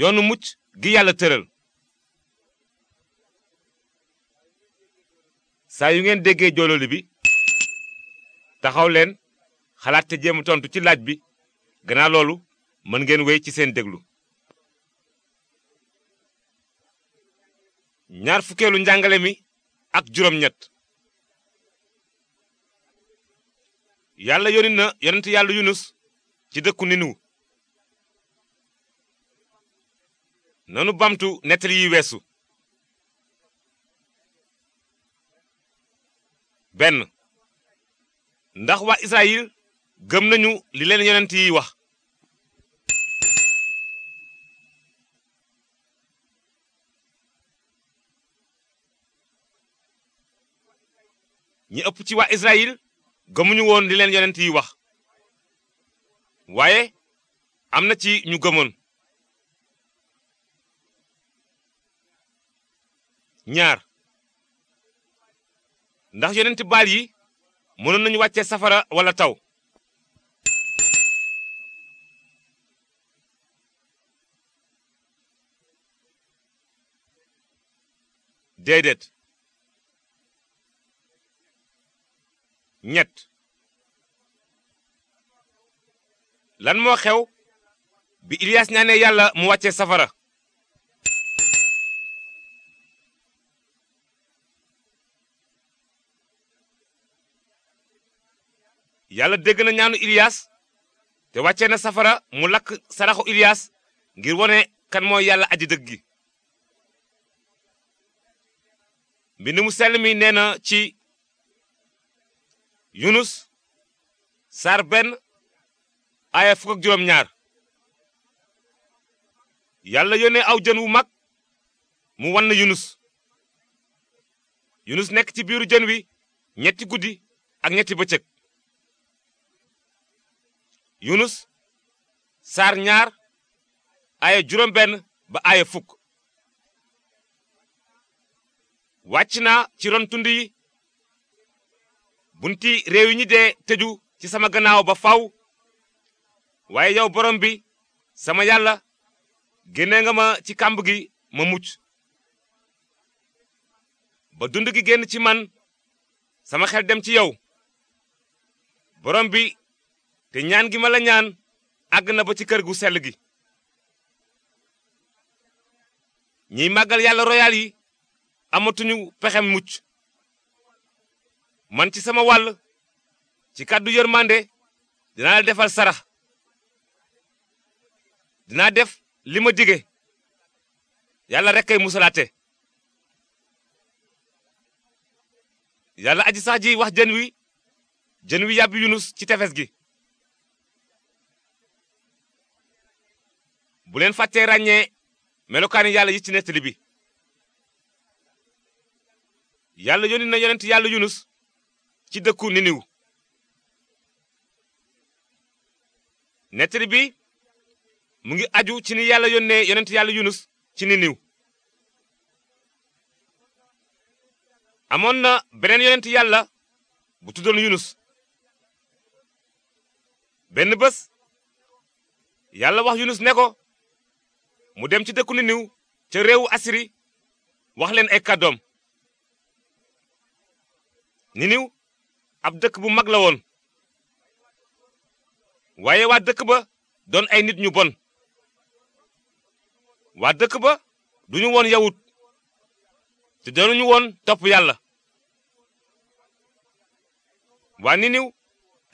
yoonu mucc gi yàlla tëral saa yu ngeen déggee joololi bi taxaw leen xalaat te jéem tontu ci laaj bi gannaaw loolu mën ngeen wéy ci seen déglu ñaar fukkeelu njàngale mi ak juróom-ñett yàlla yónni na yonent yàlla yunus ci dëkku ninu nanu bamtu nettali yi weesu benn ndax wa Israyil gëm nañu li leen yonent yi wax ñi ëpp ci waa Israyil gëmuñu woon li leen yonent yi wax waaye am na ci ñu gëmoon ñaar ndax yonenti baal yi mënoon nañu wàccee safara walla taw déedéet ñett lan moo xew bi Ilias ñaanee yàlla mu wàccee safara yàlla dégg na ñaanu Ilias te wàccee na safara mu lakk saraxu Ilias ngir wone kan mooy yàlla aji dëgg gi mbind mu sell mi nee na ci Yunus saar benn aaya fukk ak juróom ñaar yàlla yónnee aw jën wu mag mu wan na Yunus Yunus nekk ci biiru jën wi ñetti guddi ak ñetti bëccëg yunus saar ñaar aaya juróom benn ba aaya fukk wàcc na ci ron tund yi bunti réew yi ñu dee tëju ci sama gannaaw ba faw waaye yow boroom bi sama yàlla génne nga ma ci kàmb gi ma mucc ba dund gi génn ci man sama xel dem ci yow borom bi te ñaan gi mala ñaan àgg na ba ci kër gu sel gi ñiy màggal yàlla royal yi amatuñu pexem mucc man ci sama wàll ci kàddu yërmande dinaa defal sarax dinaa def li ma dige yàlla rek musalaate yàlla aji sax ji wax jën wi jën wi yàbbi yunus ci tefes gi bu leen fàttee ràññee melokaani yàlla yi ci nettali bi yàlla yónni na yonent yàlla yunus ci dëkku niniw nettali bi mu ngi aju ci ni yàlla yónnee yonent yàlla yunus ci niniw amoon na beneen yonent yàlla bu tuddoon yunus benn bés yàlla wax yunus ne ko mu dem ci dëkku Niniw ca réewu Asiri waxleen ay kàddoom Niniw ab dëkk bu mag la woon waaye waa dëkk ba doon ay nit ñu bon waa dëkk ba duñu woon yawut te doonuñu woon topp yàlla waa Niniw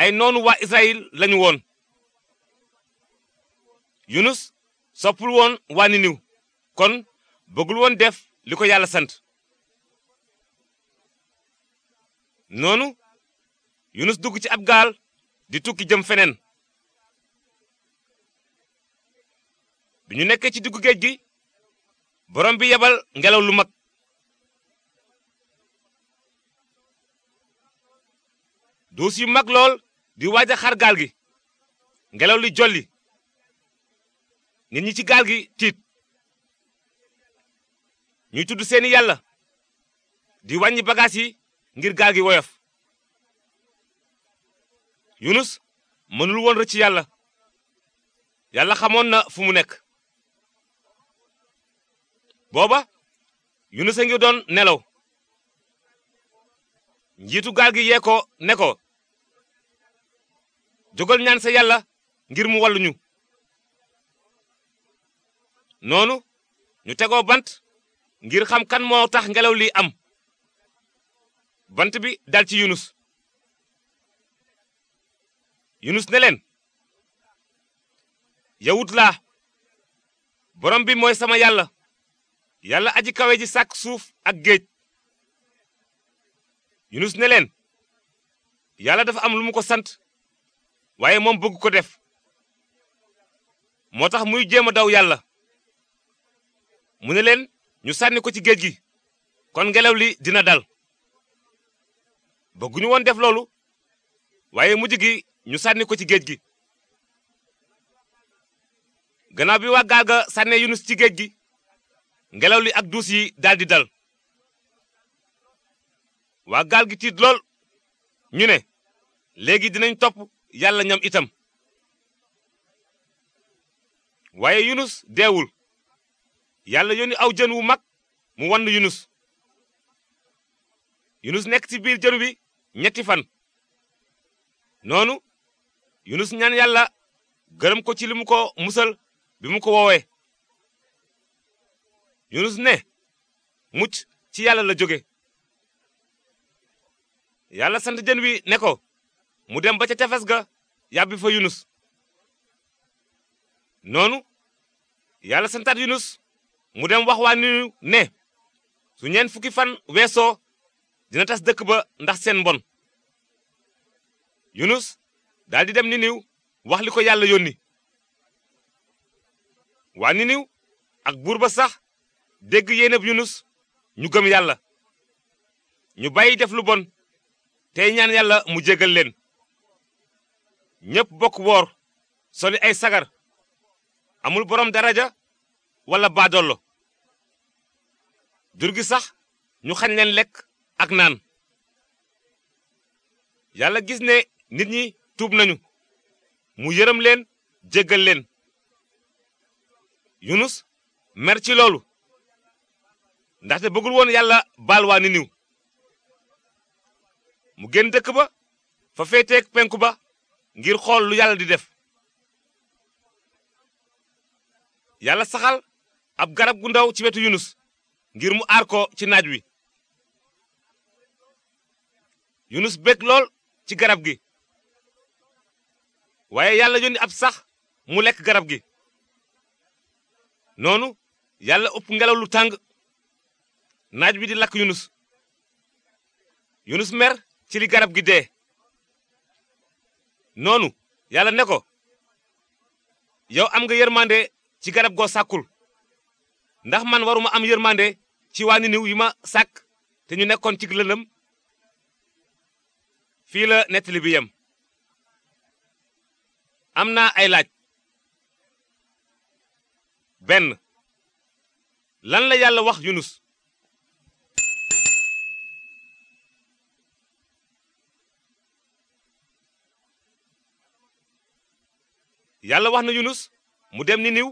ay noonu waa Israyil lañu woon Yunus soppul woon waa Niniw kon bëggul woon def li ko yàlla sant noonu Yunus dugg ci ab gaal di tukki jëm feneen bi ñu nekkee ci diggu géej gi borom bi yebal ngelaw lu mag duus yu mag lool di waaj xar gaal gi ngelaw li jolli nit ñi ci gaal gi tiit ñuy tudd seeni yàlla di wàññi bagaas yi ngir gaal gi woyof yunus mënul woon rëcc yàlla yàlla xamoon na fu mu nekk booba yunus a ngi doon nelaw njiitu gaal gi yee ko ne ko jógal ñaan sa yàlla ngir mu walluñu noonu ñu tegoo bant ngir xam kan moo tax ngelaw lii am bant bi dal ci yunus yunus ne leen yawut laa borom bi mooy sama yàlla yàlla aji kawe ji sàkk suuf ak géej yunus ne leen yàlla dafa am lu mu ko sant waaye moom bëgg ko def moo tax muy jéem a daw yàlla mu ne leen ñu sànni ko ci géej gi kon ngelaw li dina dal bëgguñu woon def loolu waaye mujj gi ñu sànni ko ci géej gi ganaaw bi waa gaal ga sànnee Yunus ci géej gi ngelaw li ak duus yi daldi dal waa gaal gi tiit lool ñu ne léegi dinañ topp yàlla ñoom itam waaye Yunus deewul yàlla yónni aw jën wu mag mu wann yunus yunus nekk ci biir jën wi ñetti fan noonu yunus ñaan yàlla gërëm ko ci li mu ko musal bi mu ko woowe yunus ne mucc ci yàlla la jóge yàlla sant jën wi ne ko mu dem ba ca tefes ga yàbbi fa yunus noonu yàlla santaat yunus mu dem wax waa niw ne su ñeen fukki fan weesoo dina tas dëkk ba ndax seen bon yunus daldi dem niniw wax li ko yàlla yónni waa niniw ak buur ba sax dégg yéeneb yunus ñu gëm yàlla ñu bay def lu bon tey ñaan yàlla mu jégal leen ñépp bokk woor soli ay sagar amul boroom daraja wala baadollo jur gi sax ñu xañ leen lekk ak naan yàlla gis ne nit ñi tuub nañu mu yërëm leen jéggal leen yunus mer ci loolu ndaxte bëggul woon yàlla baal waa niniw mu génn dëkk ba fa féeteeg penku ba ngir xool lu yàlla di def ab garab gu ndaw ci wetu yunus ngir mu aar ko ci naaj wi yunus bég lool ci garab gi waaye yàlla yónni ab sax mu lekk garab gi noonu yàlla ëpp ngelaw lu tàng naaj bi di lakk yunus yunus mer ci li garab gi dee noonu yàlla ne ko yow am nga yërmande ci garab goo sàkkul ndax man waruma am yërmande ci waa Niniw yi ma sàkk te ñu nekkoon ci lëndëm fii la nettali bi yem am naa ay laaj benn lan la yàlla wax Yunus yàlla wax na Yunus mu dem Niniw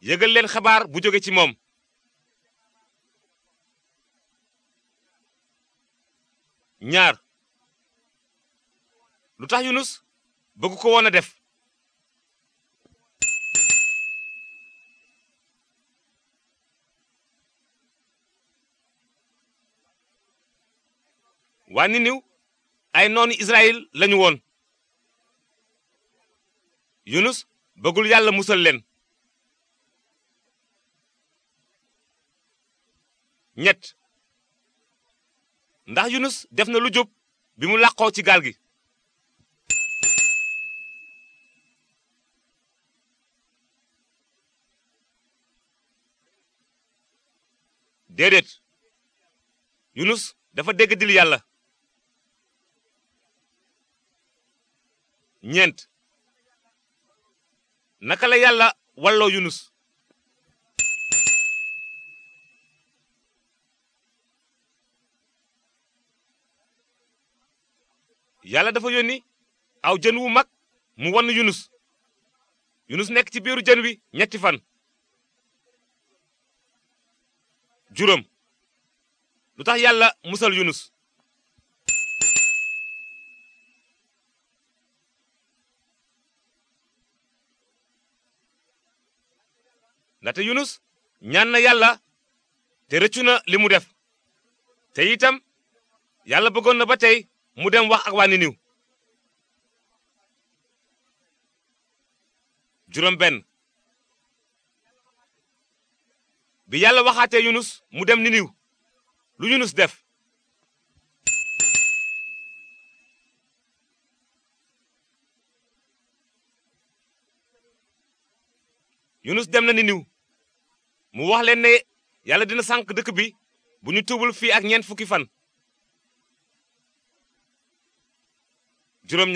yëgal leen xabaar bu jóge ci moom ñaar lu tax Yunus bëgg ko woon def waa Niniw ay noonu Israël lañu woon Yunus bëggul yàlla musal leen ñett ndax Yunus def na lu jub bi mu làqoo ci gaal gi déedéet Yunus dafa dégg yàlla ñeent naka la yàlla walloo Yunus yàlla dafa yónni aw jën wu mag mu wann yunus yunus nekk ci biiru jën wi ñetti fan juróom lu tax yàlla musal yunus ndaxte yunus ñaan na yàlla te rëccu na li mu def te itam yàlla bëggoon na ba tey mu dem wax ak waa Niniw juróom benn bi yàlla waxaatee Yunus mu dem ni Niniw lu Yunus def Yunus dem na niw mu wax leen ne yàlla dina sànq dëkk bi bu ñu tuubul fii ak ñeent fukki fan juróom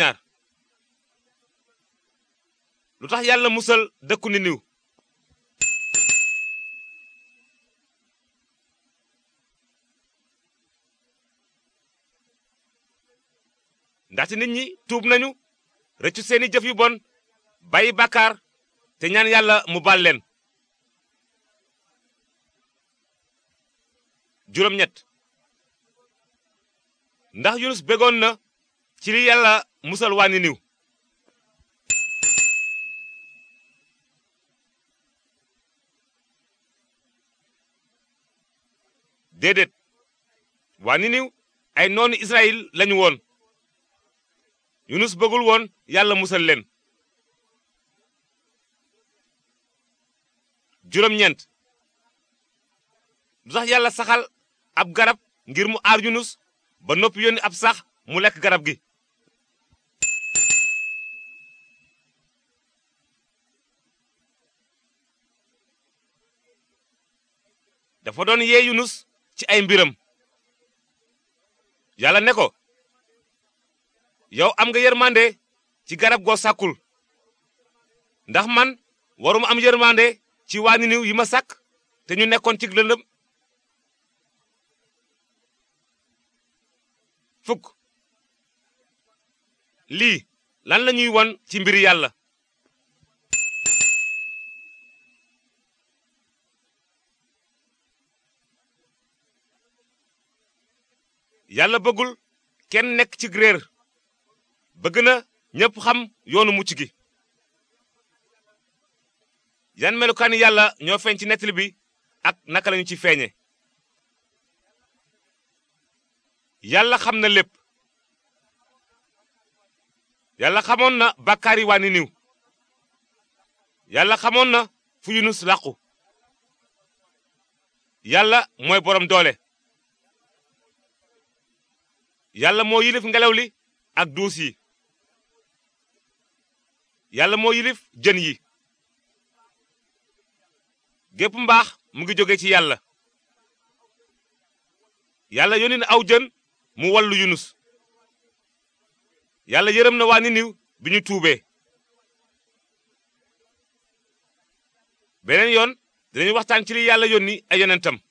lu tax yàlla musal dëkku ni niw ndaxte nit ñi tuub nañu rëccu seeni jëf yu bon bàyyi bàkkaar te ñaan yàlla mu baal leen juróom-ñett ndax yunus na ci li yàlla musal waa Niniw déedéet waa Niniw ay noonu Israël lañu woon Yunus bëggul woon yàlla musal leen juróom-ñeent du sax yàlla saxal ab garab ngir mu aar Yunus ba noppi yónni ab sax mu lekk garab gi dafa doon yee Yunus ci ay mbiram yàlla ne ko yow am nga yërmande ci garab goo sàkkul ndax man warum am yërmande ci waa niw yi ma sàkk te ñu nekkoon ci lëndëm fukk lii lan la ñuy won ci mbir yàlla yàlla bëggul kenn nekk ci réer bëgg na ñépp xam yoonu mucc gi yan melukaani yàlla ñoo feeñ ci nettali bi ak naka lañu ci feeñe yàlla xam na lépp yàlla xamoon na bàkkaar waa ni niw yàlla xamoon na fu yunus làqu yàlla mooy boroom doole yàlla moo yilif ngelaw li ak duus yi yàlla moo yilif jën yi gépp mbaax mu ngi jóge ci yàlla yàlla yónni na aw jën mu wallu yunus yàlla yërëm na waa niniw bi ñu tuubee beneen yoon dinañu waxtaan ci li yàlla yónni ay yonentam